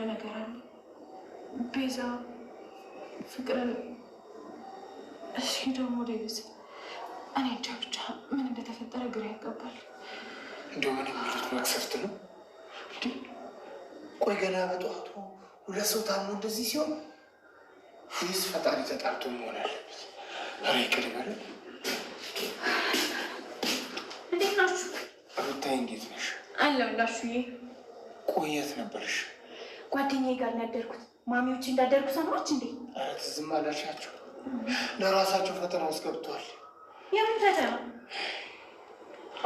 የሆነ ነገር አለ። ቤዛ ፍቅርን እሺ፣ ደግሞ ዴቪስ፣ እኔ እንጃ ብቻ ምን እንደተፈጠረ ግራ ያገባል። እንደሆነ የሚሉት መቅሰፍት ነው። ቆይ ገና በጠዋቱ ሁለት ሰው ታሞ እንደዚህ ሲሆን ይህስ ፈጣሪ ተጣርቶ መሆን አለበት። ኧረ ይቅድመል። እንዴት ናችሁ? ሩታይ፣ እንዴት ነሽ? አለሁላችሁ። ቆየት ነበርሽ ጓደኛዬ ጋር ያደርኩት ማሚዎች እንዳደርጉ ሰማች እንዴ? ዝም አላልሻቸው። ለራሳቸው ፈተና ውስጥ ገብተዋል። የምን ፈተና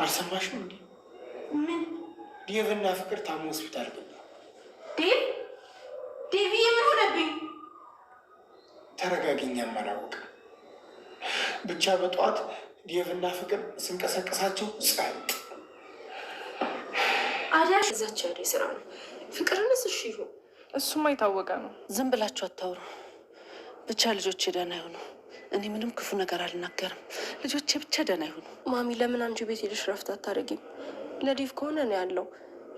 አልሰማሽም እንዴ? ምን ዴቭና ፍቅር ታሞ ሆስፒታል ገባ። ዴቭ ዴቪ የምን ሆነብኝ? ተረጋግኛም አላወቅም። ብቻ በጠዋት ዴቭና ፍቅር ስንቀሳቀሳቸው ጸጥ አዳሽ እዛቸው ስራ ነው ፍቅርንስ? እሺ ይሁን፣ እሱማ የታወቀ ነው። ዝም ብላችሁ አታውሩ። ብቻ ልጆቼ ደህና ይሁኑ። እኔ ምንም ክፉ ነገር አልናገርም። ልጆቼ ብቻ ደህና ይሁኑ። ማሚ፣ ለምን አንቺ ቤት ሄደሽ ረፍት አታደርጊም? ለዲቭ ከሆነ ነው ያለው፣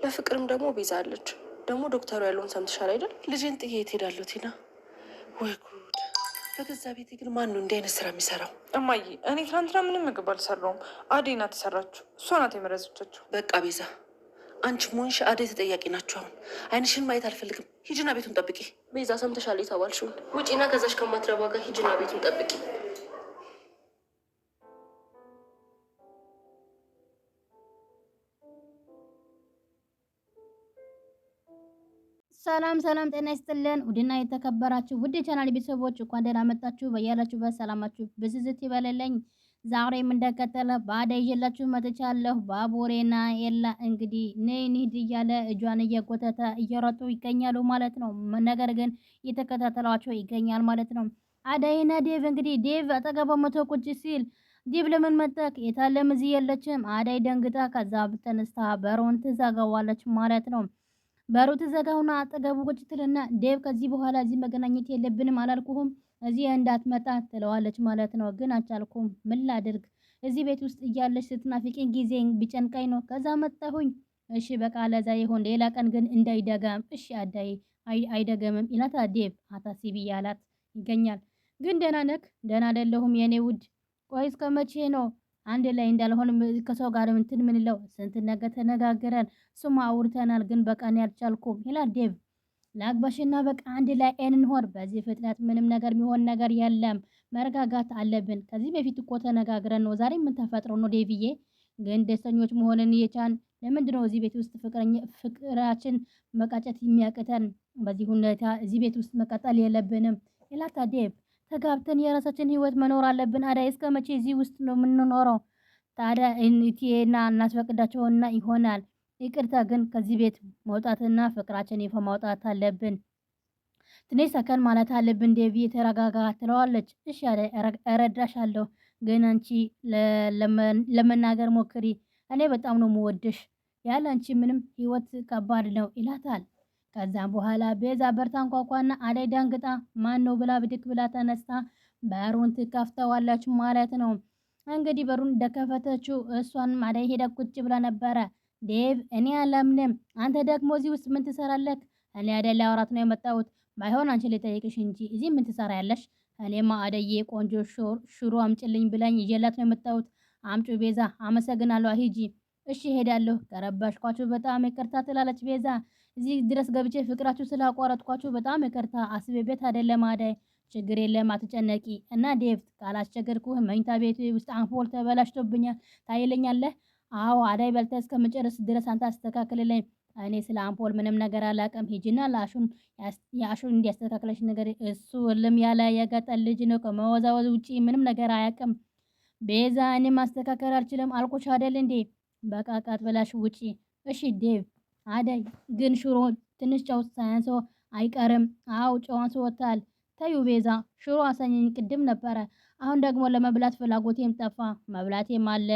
ለፍቅርም ደግሞ ቤዛ አለች። ደግሞ ዶክተሩ ያለውን ሰምትሻል አይደል? ልጄን ጥዬ የት ሄዳለሁ ቲና? ወይ ጉድ! በገዛ ቤቴ ግን ማን ነው እንዲህ አይነት ስራ የሚሰራው? እማዬ፣ እኔ ትናንትና ምንም ምግብ አልሰራውም። አዴ ናት የሰራችሁ፣ እሷ ናት የመረዘቻችሁ። በቃ ቤዛ አንቺ ሙንሽ አደይ ተጠያቂ ናቸው። አሁን አይንሽን ማየት አልፈልግም። ሂጅና ቤቱን ጠብቂ። ቤዛ ሰምተሻል የተባልሽውን ውጪና ከዛሽ ከማትረባ ጋር ሂጅና ቤቱን ጠብቂ። ሰላም ሰላም፣ ጤና ይስጥልን ውድና የተከበራችሁ ውድ ቻናል ቤተሰቦች እንኳን ደህና መጣችሁ። በያላችሁበት ሰላማችሁ ብዝዝት ይበለለኝ። ዛሬም እንደቀጠለ ባደይ ይዤላችሁ መጥቻለሁ። ባቡሬና ኤላ እንግዲህ ነይ እንሂድ እያለ እጇን እየጎተተ እየሮጡ ይገኛሉ ማለት ነው። ነገር ግን እየተከታተሏቸው ይገኛል ማለት ነው። አደይና ዴቭ እንግዲህ ዴቭ አጠገቧ መቶ ቁጭ ሲል ዲብ ለምን መጠክ የታለም እዚህ የለችም። አዳይ ደንግጣ ከዛ ተነስታ በሮን ትዘጋዋለች ማለት ነው። በሩ ትዘጋውና አጠገቡ ቁጭ ትልና ዴቭ ከዚህ በኋላ እዚህ መገናኘት የለብንም አላልኩሁም እዚህ እንዳትመጣ ትለዋለች ማለት ነው። ግን አልቻልኩም። ምን ላድርግ? እዚህ ቤት ውስጥ እያለች ስትናፍቂኝ ጊዜ ቢጨንቀኝ ነው። ከዛ መጣሁኝ። እሺ በቃ ለዛ ይሁን፣ ሌላ ቀን ግን እንዳይደገም። እሺ አዳይ አይደገምም ይላታል ዴቭ። አታስቢ እያላት ይገኛል። ግን ደህና ነክ ደህና አይደለሁም የኔ ውድ። ቆይ እስከ መቼ ነው አንድ ላይ እንዳልሆን ከሰው ጋር ምንትን ምንለው? ስንት ነገር ተነጋግረን ስሙ አውርተናል። ግን በቃ ያልቻልኩም ይላል ዴቭ። ላግባሽና በቃ አንድ ላይ እንሆን። በዚህ ፍጥነት ምንም ነገር የሚሆን ነገር የለም። መረጋጋት አለብን። ከዚህ በፊት እኮ ተነጋግረን ነው። ዛሬ ምን ተፈጥሮ ነው ዴቪዬ? ግን ደስተኞች መሆንን እየቻን ለምንድን ነው እዚህ ቤት ውስጥ ፍቅራችን መቃጨት የሚያቅተን? በዚህ ሁኔታ እዚህ ቤት ውስጥ መቀጠል የለብንም። ሌላታ ዴቭ ተጋብተን የራሳችን ህይወት መኖር አለብን። አዳይ እስከ መቼ እዚህ ውስጥ ነው የምንኖረው? ታዲያ እቴና እናስፈቅዳቸውና ይሆናል ይቅርታ ግን ከዚህ ቤት መውጣትና ፍቅራችን ይፋ ማውጣት አለብን። ትንሽ ሰከን ማለት አለብን። ዴቪ የተረጋጋ ትለዋለች። እሺ እረዳሻለሁ፣ ግን አንቺ ለመናገር ሞክሪ። እኔ በጣም ነው የምወድሽ፣ ያለ አንቺ ምንም ህይወት ከባድ ነው ይላታል። ከዛም በኋላ ቤዛ በርታን አንኳኳና አደይ ደንግጣ ማን ነው ብላ ብድክ ብላ ተነስታ በሩን ትከፍተዋለች ማለት ነው። እንግዲህ በሩን እንደከፈተችው እሷን አደይ ሄደ ቁጭ ብላ ነበረ። ዴቭ እኔ አላምንም። አንተ ደግሞ እዚህ ውስጥ ምን ትሰራለህ? እኔ አደላ አውራት ነው የመጣሁት። ባይሆን አንቺ ልጠይቅሽ እንጂ እዚህ ምን ትሰራ ያለሽ? እኔማ አደዬ ቆንጆ ሽሮ አምጭልኝ ብለኝ ይዤላት ነው የመጣሁት። አምጩ ቤዛ። አመሰግናለሁ አሂጂ እሺ ሄዳለሁ። ቀረባሽኳችሁ በጣም ይቅርታ ትላለች ቤዛ። እዚህ ድረስ ገብቼ ፍቅራችሁ ስላቋረጥኳችሁ በጣም ይቅርታ። ቤት አይደለም አዳይ። ችግር የለም አትጨነቂ። እና ዴቭ ካላስቸገርኩህ መኝታ ቤት ውስጥ አንፎል ተበላሽቶብኛል ታይለኛለህ አዎ አዳይ በልተ እስከምጨርስ ድረስ አንተ አስተካክልልኝ። እኔ ስለ አምፖል ምንም ነገር አላውቅም። ሂጂና ለአሹን የአሹን እንዲያስተካክለሽ ነገር እሱ እልም ያለ የገጠር ልጅ ነው። ከመወዛወዝ ውጪ ምንም ነገር አያውቅም። ቤዛ እኔ ማስተካከል አልችልም አልኮች አደል እንዴ? በቃ ቃጥ ብላሽ ውጪ። እሺ ዴቭ። አዳይ ግን ሽሮ ትንሽ ጨው ሳያንሶ አይቀርም። አው ጨው አንሶታል። ተዩ ቤዛ፣ ሽሮ አሳኘኝ ቅድም ነበረ። አሁን ደግሞ ለመብላት ፍላጎቴም ጠፋ። መብላቴም አለ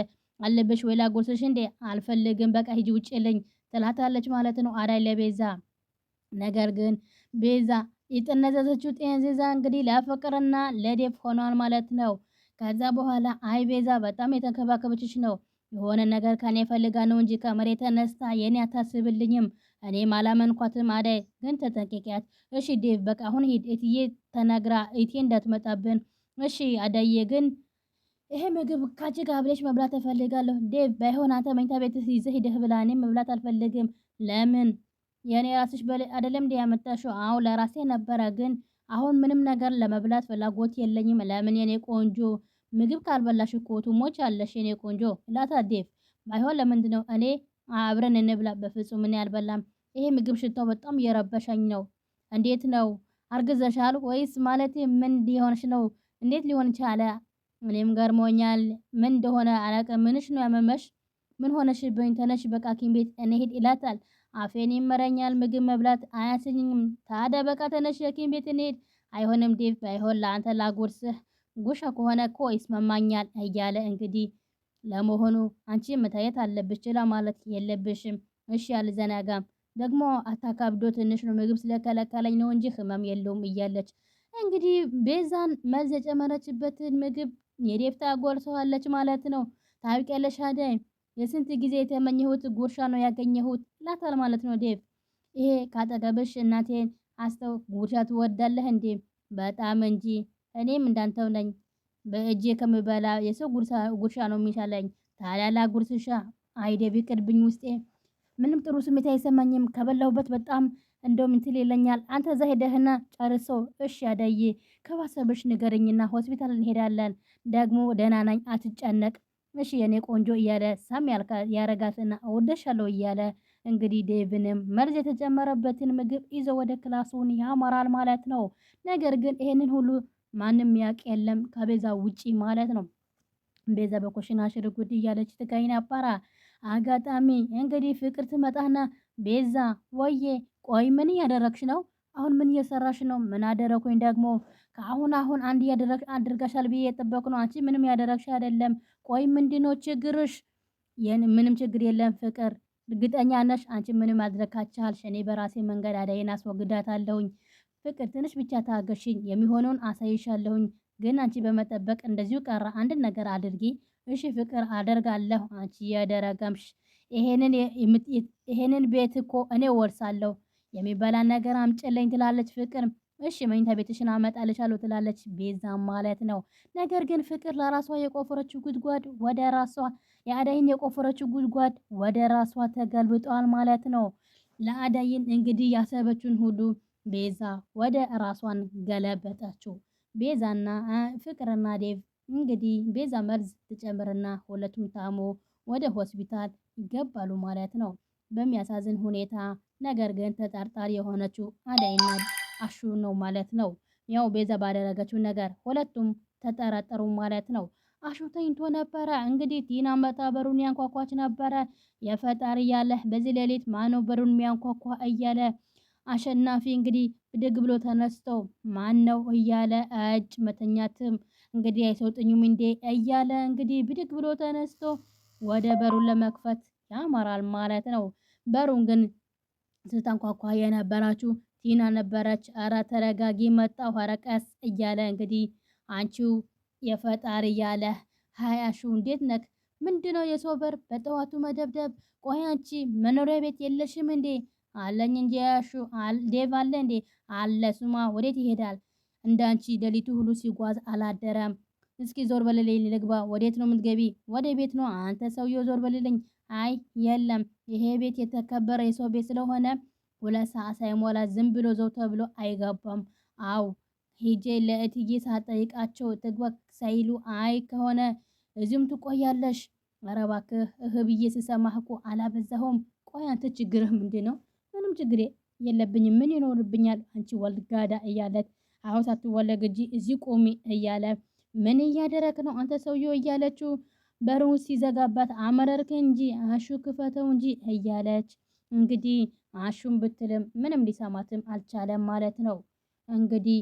አለበሽ ወይ ላጎርሰሽ እንዴ? አልፈልግም በቃ ሂጂ ውጭ ልኝ ትላታለች ማለት ነው አዳይ ለቤዛ። ነገር ግን ቤዛ የጠነዘዘችው ጤንዚዛ እንግዲህ ለፍቅርና ለዴፍ ሆኗል ማለት ነው። ከዛ በኋላ አይ ቤዛ በጣም የተንከባከበችሽ ነው የሆነ ነገር ከኔ ፈልጋ ነው እንጂ ከመሬት ተነስታ የኔ አታስብልኝም። እኔም አላመንኳትም። አዳይ ግን ተጠንቀቂያት እሺ ዴቭ። በቃ አሁን ሂድ እትዬ ተነግራ እቴ እንዳትመጣብን እሺ አዳዬ ግን ይሄ ምግብ ካቺ ጋር ብለሽ መብላት እፈልጋለሁ። እንዴ ባይሆን አንተ መኝታ ቤት ይዘህ ሂደህ ብላ፣ እኔ መብላት አልፈልግም። ለምን የእኔ ራስሽ በል አይደለም እንዲ ያመጣሽው? አዎ ለራሴ ነበረ፣ ግን አሁን ምንም ነገር ለመብላት ፍላጎት የለኝም። ለምን የኔ ቆንጆ ምግብ ካልበላሽ እኮ ትሞች አለሽ የኔ ቆንጆ ላታ። ዴቭ ባይሆን ለምንድን ነው እኔ አብረን እንብላ። በፍጹም እኔ አልበላም። ይሄ ምግብ ሽታው በጣም እየረበሸኝ ነው። እንዴት ነው አርግዘሻል ወይስ ማለት ምን ሊሆንሽ ነው? እንዴት ሊሆን ቻለ? እኔም ገርሞኛል። ምን እንደሆነ አላውቅም። ምንሽ ነው ያመመሽ? ምን ሆነሽብኝ? ተነሽ በቃ ሐኪም ቤት እንሂድ ይላታል። አፌን ይመረኛል፣ ምግብ መብላት አያሰኝም። ታዲያ በቃ ተነሽ ሐኪም ቤት እንሂድ። አይሆንም ዴቭ፣ ባይሆን ለአንተ ላጎርስህ ጉሻ ከሆነ እኮ ይስማማኛል እያለ እንግዲህ ለመሆኑ አንቺ መታየት አለብሽ፣ ችላ ማለት የለብሽም። እሺ አልዘናጋም። ደግሞ አታካብዶ፣ ትንሽ ነው ምግብ ስለከለከለኝ ነው እንጂ ህመም የለውም እያለች እንግዲህ ቤዛን መልስ የጨመረችበትን ምግብ የዴፍታ ጎርሶ ሰዋለች ማለት ነው። ታውቂያለሽ አደይ የስንት ጊዜ የተመኘሁት ጉርሻ ነው ያገኘሁት ላታል ማለት ነው። ዴፍ ይሄ ካጠገብሽ እናቴን አስተው ጉርሻ ትወዳለህ እንዴ? በጣም እንጂ እኔም እንዳንተው ነኝ። በእጄ ከምበላ የሰው ጉርሻ ነው የሚሻለኝ። ታላላ ጉርስሻ አይዴ ቢቅርብኝ ውስጤ ምንም ጥሩ ስሜት አይሰማኝም። ከበላሁበት በጣም እንደውም እንትን ይለኛል። አንተ እዛ ሄደህና ጨርሰው። እሺ አደይ ከባሰበሽ ንገረኝና ሆስፒታል እንሄዳለን። ደግሞ ደህና ነኝ አትጨነቅ፣ እሺ የኔ ቆንጆ እያለ ሳም ያረጋትና እወደሻለሁ እያለ እንግዲህ ዴቭንም መርዝ የተጨመረበትን ምግብ ይዞ ወደ ክላሱን ያመራል ማለት ነው። ነገር ግን ይሄንን ሁሉ ማንም ያቅ የለም ከቤዛ ውጪ ማለት ነው። ቤዛ በኮሽና ሽርጉድ እያለች ትገኝ ነበረ። አጋጣሚ እንግዲህ ፍቅር ትመጣና ቤዛ ወዬ ቆይ ምን እያደረግሽ ነው? አሁን ምን እየሰራሽ ነው? ምን አደረኩኝ ደግሞ? ከአሁን አሁን አንድ ያደረግ አድርጋሻል ብዬ የጠበቅ ነው። አንቺ ምንም ያደረግሽ አይደለም። ቆይ ምንድነው ችግርሽ? ምንም ችግር የለም ፍቅር፣ እርግጠኛ ነሽ? አንቺ ምንም ማድረግ ካልቻልሽ እኔ በራሴ መንገድ አደይን አስወግዳታለሁኝ። ፍቅር ትንሽ ብቻ ታገሽኝ፣ የሚሆነውን አሳይሻለሁኝ። ግን አንቺ በመጠበቅ እንደዚሁ ቀረ። አንድ ነገር አድርጊ እሺ? ፍቅር አደርጋለሁ። አንቺ ያደረገምሽ ይሄንን ቤት እኮ እኔ ወርሳለሁ የሚበላ ነገር አምጭልኝ ትላለች ፍቅር። እሺ መኝታ ቤትሽን አመጣልሻለሁ ትላለች ቤዛ ማለት ነው። ነገር ግን ፍቅር ለራሷ የቆፈረችው ጉድጓድ ወደ ራሷ የአዳይን የቆፈረችው ጉድጓድ ወደ ራሷ ተገልብጧል ማለት ነው። ለአዳይን እንግዲህ ያሰበችውን ሁሉ ቤዛ ወደ ራሷን ገለበጠችው። ቤዛና ፍቅርና ዴቭ እንግዲህ ቤዛ መርዝ ትጨምርና ሁለቱም ታሞ ወደ ሆስፒታል ይገባሉ ማለት ነው በሚያሳዝን ሁኔታ ነገር ግን ተጠርጣሪ የሆነችው አዳይና አሹ ነው ማለት ነው። ያው ቤዛ ባደረገችው ነገር ሁለቱም ተጠረጠሩ ማለት ነው። አሹ ተኝቶ ነበረ። እንግዲህ ቲና መጣ፣ በሩን ያንኳኳች ነበረ። የፈጣሪ ያለህ በዚህ ሌሊት ማነው በሩን የሚያንኳኳ እያለ አሸናፊ እንግዲህ ብድግ ብሎ ተነስቶ ማን ነው እያለ እጅ መተኛትም እንግዲህ አይሰውጥኝም እንዴ እያለ እንግዲህ ብድግ ብሎ ተነስቶ ወደ በሩን ለመክፈት ያመራል ማለት ነው። በሩን ግን ስታንኳኳ የነበራችሁ ቲና ነበረች። አረ ተረጋጊ፣ መጣሁ፣ አረ ቀስ እያለ እንግዲህ አንቺው የፈጣሪ ያለ ሀያሹ እንዴት ነክ? ምንድነው የሰው በር በጠዋቱ መደብደብ? ቆይ አንቺ መኖሪያ ቤት የለሽም እንዴ? አለኝ እንጂ ያሹ ዴቭ አለ እንዴ? አለ ሱማ ወዴት ይሄዳል? እንዳንቺ ደሊቱ ሁሉ ሲጓዝ አላደረም። እስኪ ዞር በልልኝ ልግባ። ወዴት ነው የምትገቢ? ወደ ቤት ነው። አንተ ሰውየው ዞር በልልኝ። አይ የለም ይሄ ቤት የተከበረ የሰው ቤት ስለሆነ ሁለት ሰዓት ሳይሞላ ዝም ብሎ ዘው ተብሎ አይገባም። አው ሂጄ ለእትዬ ሳጠይቃቸው ትግባ ሳይሉ አይ ከሆነ እዚሁም ትቆያለሽ። ኧረ እባክህ እህ ብዬ ስሰማህ እኮ አላበዛሁም። ቆይ አንተ ችግርህ ምንድን ነው? ምንም ችግር የለብኝም። ምን ይኖርብኛል? አንቺ ወልጋዳ እያለት አሁን ሳትወለግ እጂ እዚህ ቆሚ እያለ ምን እያደረክ ነው አንተ ሰውየው እያለችው በሩን ሲዘጋባት አመረርክ እንጂ አሹ ክፈተው እንጂ እያለች እንግዲህ አሹን ብትልም ምንም ሊሰማትም አልቻለም ማለት ነው። እንግዲህ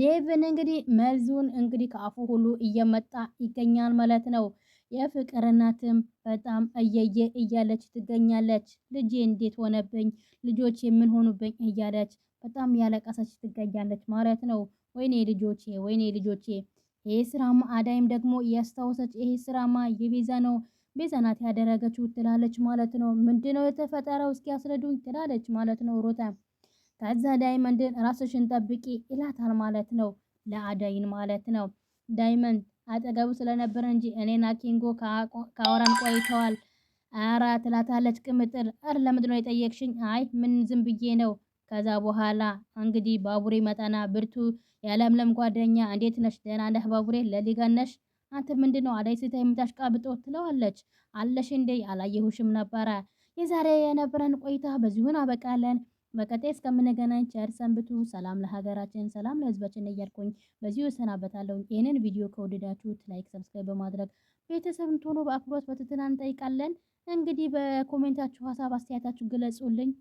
ዴቭን እንግዲህ መልዙን እንግዲህ ከአፉ ሁሉ እየመጣ ይገኛል ማለት ነው። የፍቅር እናትም በጣም እየየ እያለች ትገኛለች። ልጄ እንዴት ሆነብኝ፣ ልጆች ሆኑብኝ እያለች በጣም ያለቀሰች ትገኛለች ማለት ነው። ወይኔ ልጆቼ፣ ወይኔ ልጆቼ ይህ ስራማ አዳይም ደግሞ እያስታወሰች ይሄ ስራማ የቤዛ ነው ቤዛ ናት ያደረገችው ትላለች ማለት ነው። ምንድነው የተፈጠረው እስኪ ያስረዱኝ ትላለች ማለት ነው ሮታ። ከዛ ዳይመንድን ራስሽን ጠብቂ ይላታል ማለት ነው ለአዳይን ማለት ነው። ዳይመንድ አጠገቡ ስለነበረ እንጂ እኔና ኪንጎ ካወራን ቆይተዋል። አራ ትላታለች ቅምጥል። አር ለምንድነው የጠየቅሽኝ? አይ ምን ዝም ብዬ ነው ከዛ በኋላ እንግዲህ ባቡሬ መጣና ብርቱ የለምለም ጓደኛ እንዴት ነሽ? ደህና ነህ ባቡሬ? ለሊገን ነሽ? አንተ ምንድን ነው አደይ ስታይ የምታሽቃብጦ? ትለዋለች። አለሽ እንዴ አላየሁሽም ነበረ። የዛሬ የነበረን ቆይታ በዚሁን አበቃለን። በቀጣይ እስከምንገናኝ ቸር ሰንብቱ። ሰላም ለሀገራችን፣ ሰላም ለሕዝባችን እያልኩኝ በዚሁ እሰናበታለሁ። ይህንን ቪዲዮ ከወደዳችሁት ላይክ፣ ሰብስክራይብ በማድረግ ቤተሰብ እንድትሆኑ በአክብሮት በትህትና እንጠይቃለን። እንግዲህ በኮሜንታችሁ ሀሳብ አስተያየታችሁ ግለጹልኝ።